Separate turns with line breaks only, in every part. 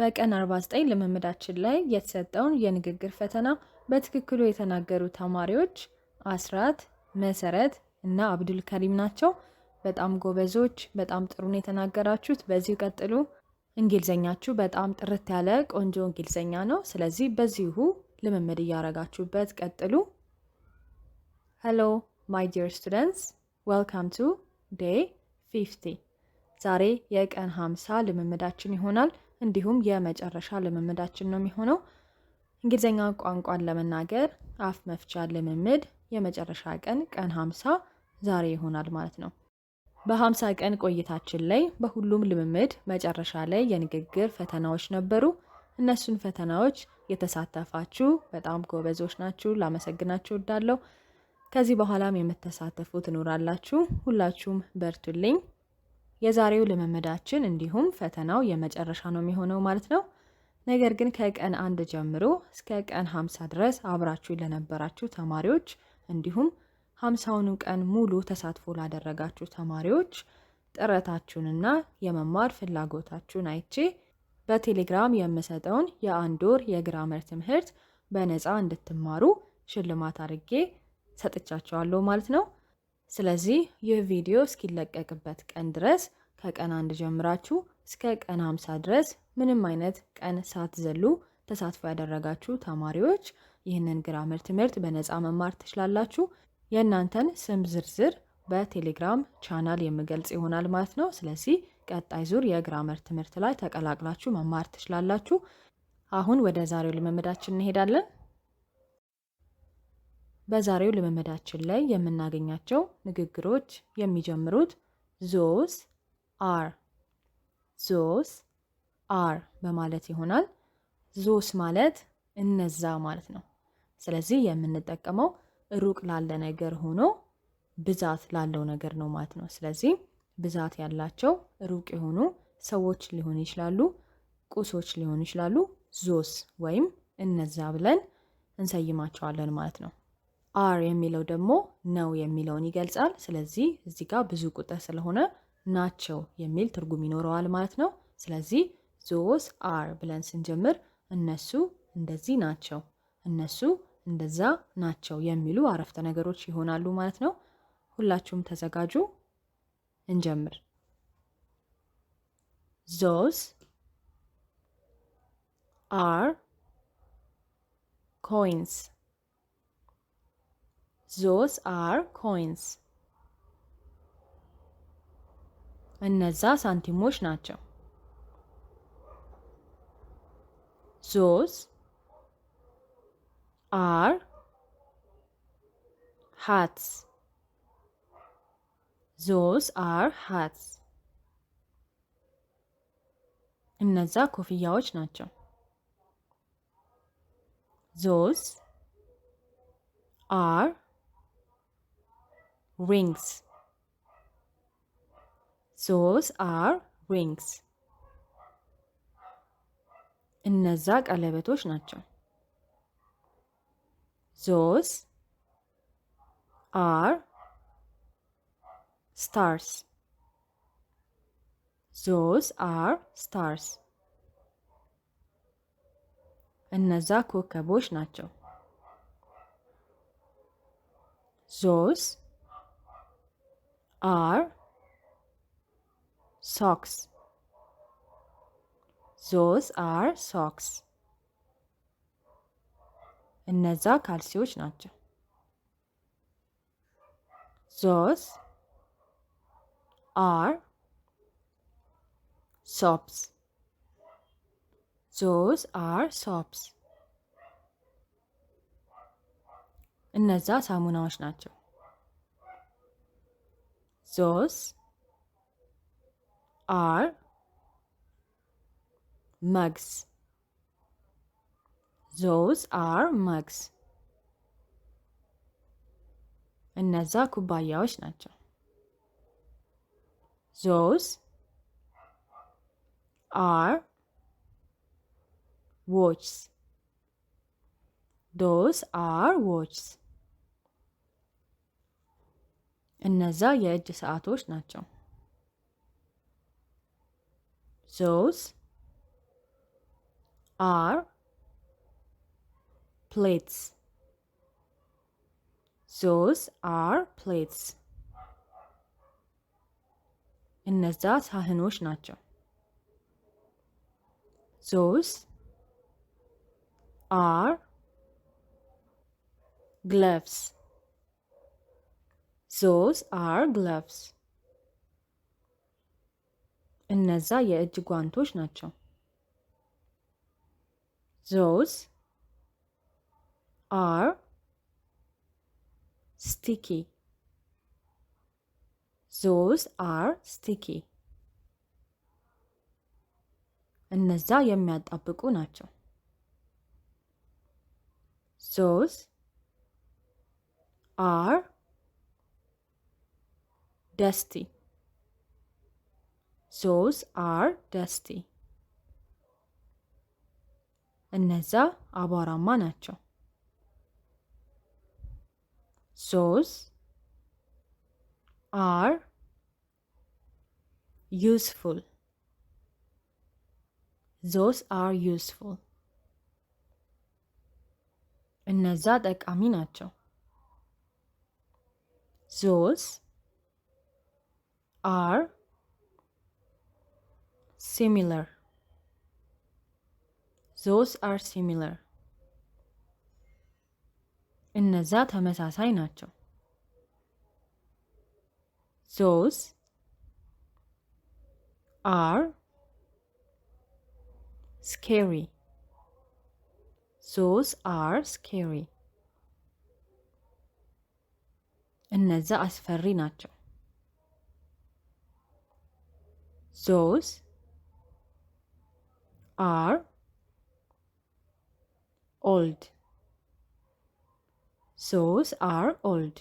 በቀን 49 ልምምዳችን ላይ የተሰጠውን የንግግር ፈተና በትክክሉ የተናገሩ ተማሪዎች አስራት፣ መሰረት እና አብዱል ከሪም ናቸው። በጣም ጎበዞች፣ በጣም ጥሩን የተናገራችሁት። በዚሁ ቀጥሉ። እንግሊዘኛችሁ በጣም ጥርት ያለ ቆንጆ እንግሊዘኛ ነው። ስለዚህ በዚሁ ልምምድ እያረጋችሁበት ቀጥሉ። ሄሎ ማይ ዲር ስቱደንትስ ዌልካም ቱ ዴይ 50 ዛሬ የቀን 50 ልምምዳችን ይሆናል። እንዲሁም የመጨረሻ ልምምዳችን ነው የሚሆነው። እንግሊዝኛ ቋንቋን ለመናገር አፍ መፍቻ ልምምድ የመጨረሻ ቀን ቀን ሀምሳ ዛሬ ይሆናል ማለት ነው በሀምሳ ቀን ቆይታችን ላይ በሁሉም ልምምድ መጨረሻ ላይ የንግግር ፈተናዎች ነበሩ። እነሱን ፈተናዎች የተሳተፋችሁ በጣም ጎበዞች ናችሁ፣ ላመሰግናችሁ እወዳለሁ። ከዚህ በኋላም የምትሳተፉ ትኖራላችሁ። ሁላችሁም በርቱልኝ። የዛሬው ልምምዳችን እንዲሁም ፈተናው የመጨረሻ ነው የሚሆነው ማለት ነው። ነገር ግን ከቀን አንድ ጀምሮ እስከ ቀን ሀምሳ ድረስ አብራችሁ ለነበራችሁ ተማሪዎች እንዲሁም ሀምሳውን ቀን ሙሉ ተሳትፎ ላደረጋችሁ ተማሪዎች ጥረታችሁንና የመማር ፍላጎታችሁን አይቼ በቴሌግራም የምሰጠውን የአንድ ወር የግራመር ትምህርት በነፃ እንድትማሩ ሽልማት አድርጌ ሰጥቻቸዋለሁ ማለት ነው። ስለዚህ ይህ ቪዲዮ እስኪለቀቅበት ቀን ድረስ ከቀን አንድ ጀምራችሁ እስከ ቀን 50 ድረስ ምንም አይነት ቀን ሳትዘሉ ተሳትፎ ያደረጋችሁ ተማሪዎች ይህንን ግራመር ትምህርት በነፃ መማር ትችላላችሁ። የእናንተን ስም ዝርዝር በቴሌግራም ቻናል የምገልጽ ይሆናል ማለት ነው። ስለዚህ ቀጣይ ዙር የግራመር ትምህርት ላይ ተቀላቅላችሁ መማር ትችላላችሁ። አሁን ወደ ዛሬው ልምምዳችን እንሄዳለን። በዛሬው ልምምዳችን ላይ የምናገኛቸው ንግግሮች የሚጀምሩት ዞስ አር ዞስ አር በማለት ይሆናል። ዞስ ማለት እነዛ ማለት ነው። ስለዚህ የምንጠቀመው ሩቅ ላለ ነገር ሆኖ ብዛት ላለው ነገር ነው ማለት ነው። ስለዚህ ብዛት ያላቸው ሩቅ የሆኑ ሰዎች ሊሆኑ ይችላሉ፣ ቁሶች ሊሆኑ ይችላሉ። ዞስ ወይም እነዛ ብለን እንሰይማቸዋለን ማለት ነው። አር የሚለው ደግሞ ነው የሚለውን ይገልጻል። ስለዚህ እዚህ ጋር ብዙ ቁጥር ስለሆነ ናቸው የሚል ትርጉም ይኖረዋል ማለት ነው። ስለዚህ ዞስ አር ብለን ስንጀምር እነሱ እንደዚህ ናቸው፣ እነሱ እንደዛ ናቸው የሚሉ አረፍተ ነገሮች ይሆናሉ ማለት ነው። ሁላችሁም ተዘጋጁ፣ እንጀምር። ዞስ አር ኮይንስ ዞስ አር ኮይንስ እነዛ ሳንቲሞች ናቸው። ዞዝ አር ሃትስ ዞዝ አር ሃትስ እነዛ ኮፍያዎች ናቸው። ዞዝ አር ሪንግስ ዞዝ አር ሪንግስ። እነዛ ቀለበቶች ናቸው። ዞዝ አር ስታርስ። ዞዝ አር ስታርስ። እነዛ ኮከቦች ናቸው። ዞዝ አር socks. Those are socks. እነዛ ካልሲዎች ናቸው። ዞስ አር ሶፕስ ዞስ አር ሶፕስ እነዛ ሳሙናዎች ናቸው። ዞስ are mugs. Those are mugs. እነዛ ኩባያዎች ናቸው። ዞዝ አር ዎችስ ዶዝ አር ዎችስ እነዛ የእጅ ሰዓቶች ናቸው። Those are plates. Those are plates. እነዛ ሳህኖች ናቸው። Those are gloves. Those are gloves. እነዛ የእጅ ጓንቶች ናቸው። ዞዝ አር ስቲኪ ዞዝ አር ስቲኪ እነዛ የሚያጣብቁ ናቸው። ዞዝ አር ደስቲ ዞዝ አር ደስቲ እነዛ አቧራማ ናቸው። ዞዝ አር ዩስፉል ዞዝ አር ዩስፉል እነዛ ጠቃሚ ናቸው። ዞዝ አር similar those are similar እነዛ ተመሳሳይ ናቸው those are scary those are scary እነዛ አስፈሪ ናቸው those አር ኦልድ ዞዝ አር ኦልድ።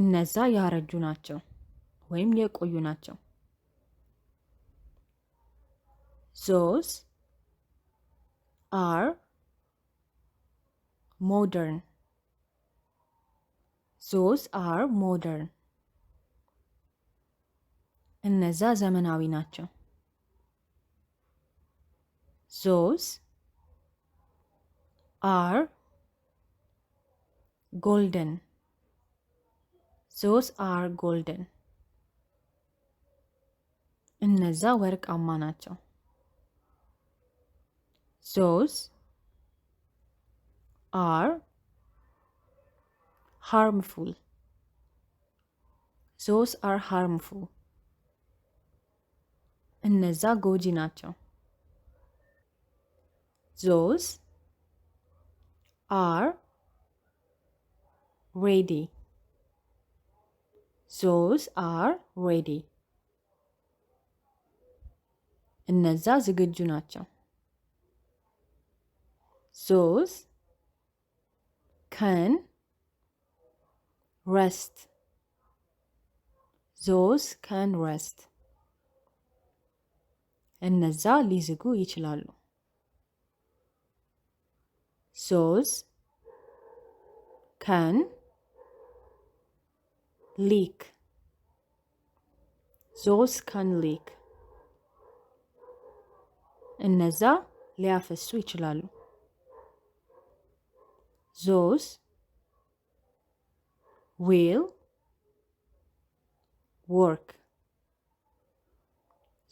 እነዛ ያረጁ ናቸው ወይም የቆዩ ናቸው። ዞዝ አር ሞደርን ዞዝ አር ሞደርን። እነዛ ዘመናዊ ናቸው። Those are golden. Those are golden. እነዛ ወርቃማ ናቸው። Those are harmful. Those are harmful. እነዛ ጎጂ ናቸው። those are ready. Those are ready. እነዛ ዝግጁ ናቸው። ዞዝ ከን ረስት ዞዝ ከን ረስት እነዛ ሊዝጉ ይችላሉ። zoos ከን ሊክ ዞስ ከን ሊክ እነዛ ሊያፈሱ ይችላሉ። ዞስ ዊል ወርክ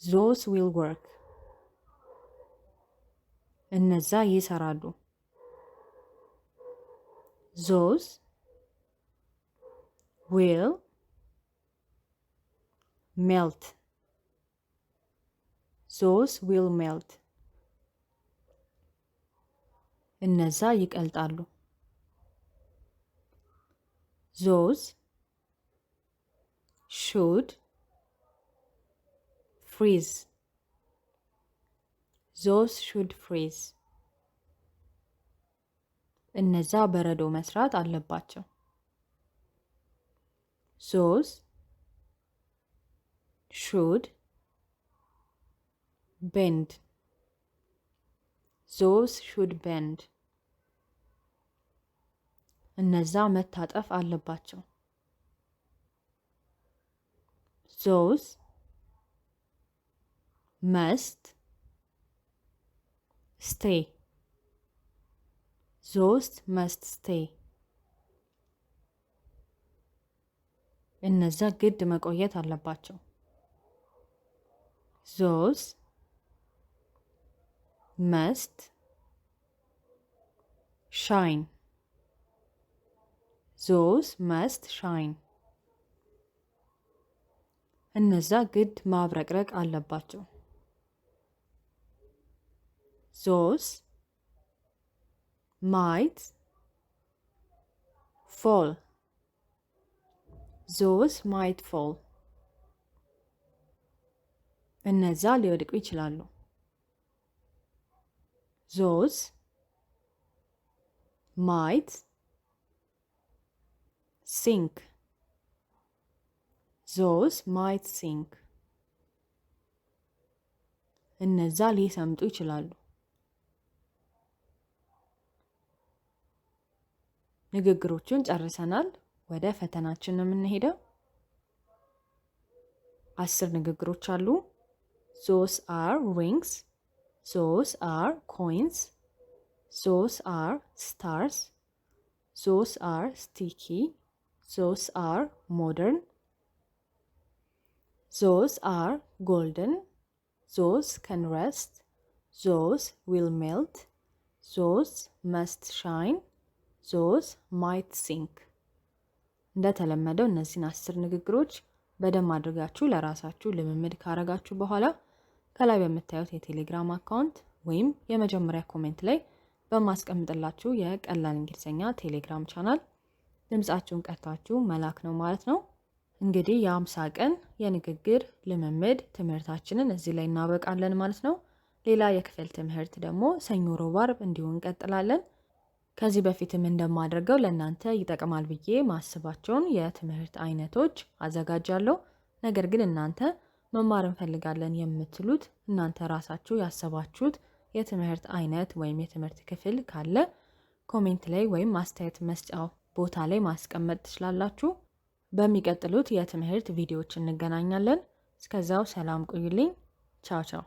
ዞስ ዊል ወርክ እነዛ ይሰራሉ። those, will, melt. Those will melt. እነዛ ይቀልጣሉ። Those should freeze. Those should freeze. እነዛ በረዶ መስራት አለባቸው። ዞዝ ሹድ ቤንድ ዞዝ ሹድ ቤንድ እነዛ መታጠፍ አለባቸው። ዞዝ መስት ስቴ ዞስት መስት ስቴይ እነዛ ግድ መቆየት አለባቸው። ዞስ መስት ሻይን ዞስ መስት ሻይን እነዛ ግድ ማብረቅረቅ አለባቸው። ዞስ might, fall. Zos might fall. and u dik l-allu. Zos might sink. Zos might sink. and jisam tuċ l ንግግሮቹን ጨርሰናል። ወደ ፈተናችን ነው የምንሄደው። አስር ንግግሮች አሉ። ዞስ አር ሪንግስ፣ ዞስ አር ኮይንስ፣ ዞስ አር ስታርስ፣ ዞስ አር ስቲኪ፣ ዞስ አር ሞደርን፣ ዞስ አር ጎልደን፣ ዞስ ከን ረስት፣ ዞስ ዊል ሜልት፣ ዞስ መስት ሻይን ዞስ ማይት ሲንክ። እንደተለመደው እነዚህን አስር ንግግሮች በደንብ አድርጋችሁ ለራሳችሁ ልምምድ ካረጋችሁ በኋላ ከላይ በምታዩት የቴሌግራም አካውንት ወይም የመጀመሪያ ኮሜንት ላይ በማስቀምጥላችሁ የቀላል እንግሊዝኛ ቴሌግራም ቻናል ድምጻችሁን ቀድታችሁ መላክ ነው ማለት ነው። እንግዲህ የአምሳ ቀን የንግግር ልምምድ ትምህርታችንን እዚህ ላይ እናበቃለን ማለት ነው። ሌላ የክፍል ትምህርት ደግሞ ሰኞ፣ ሮብ፣ አርብ እንዲሁ እንቀጥላለን። ከዚህ በፊትም እንደማደርገው ለእናንተ ይጠቅማል ብዬ ማስባቸውን የትምህርት አይነቶች አዘጋጃለሁ። ነገር ግን እናንተ መማር እንፈልጋለን የምትሉት እናንተ ራሳችሁ ያሰባችሁት የትምህርት አይነት ወይም የትምህርት ክፍል ካለ ኮሜንት ላይ ወይም አስተያየት መስጫው ቦታ ላይ ማስቀመጥ ትችላላችሁ። በሚቀጥሉት የትምህርት ቪዲዮዎች እንገናኛለን። እስከዛው ሰላም ቆዩልኝ። ቻው ቻው።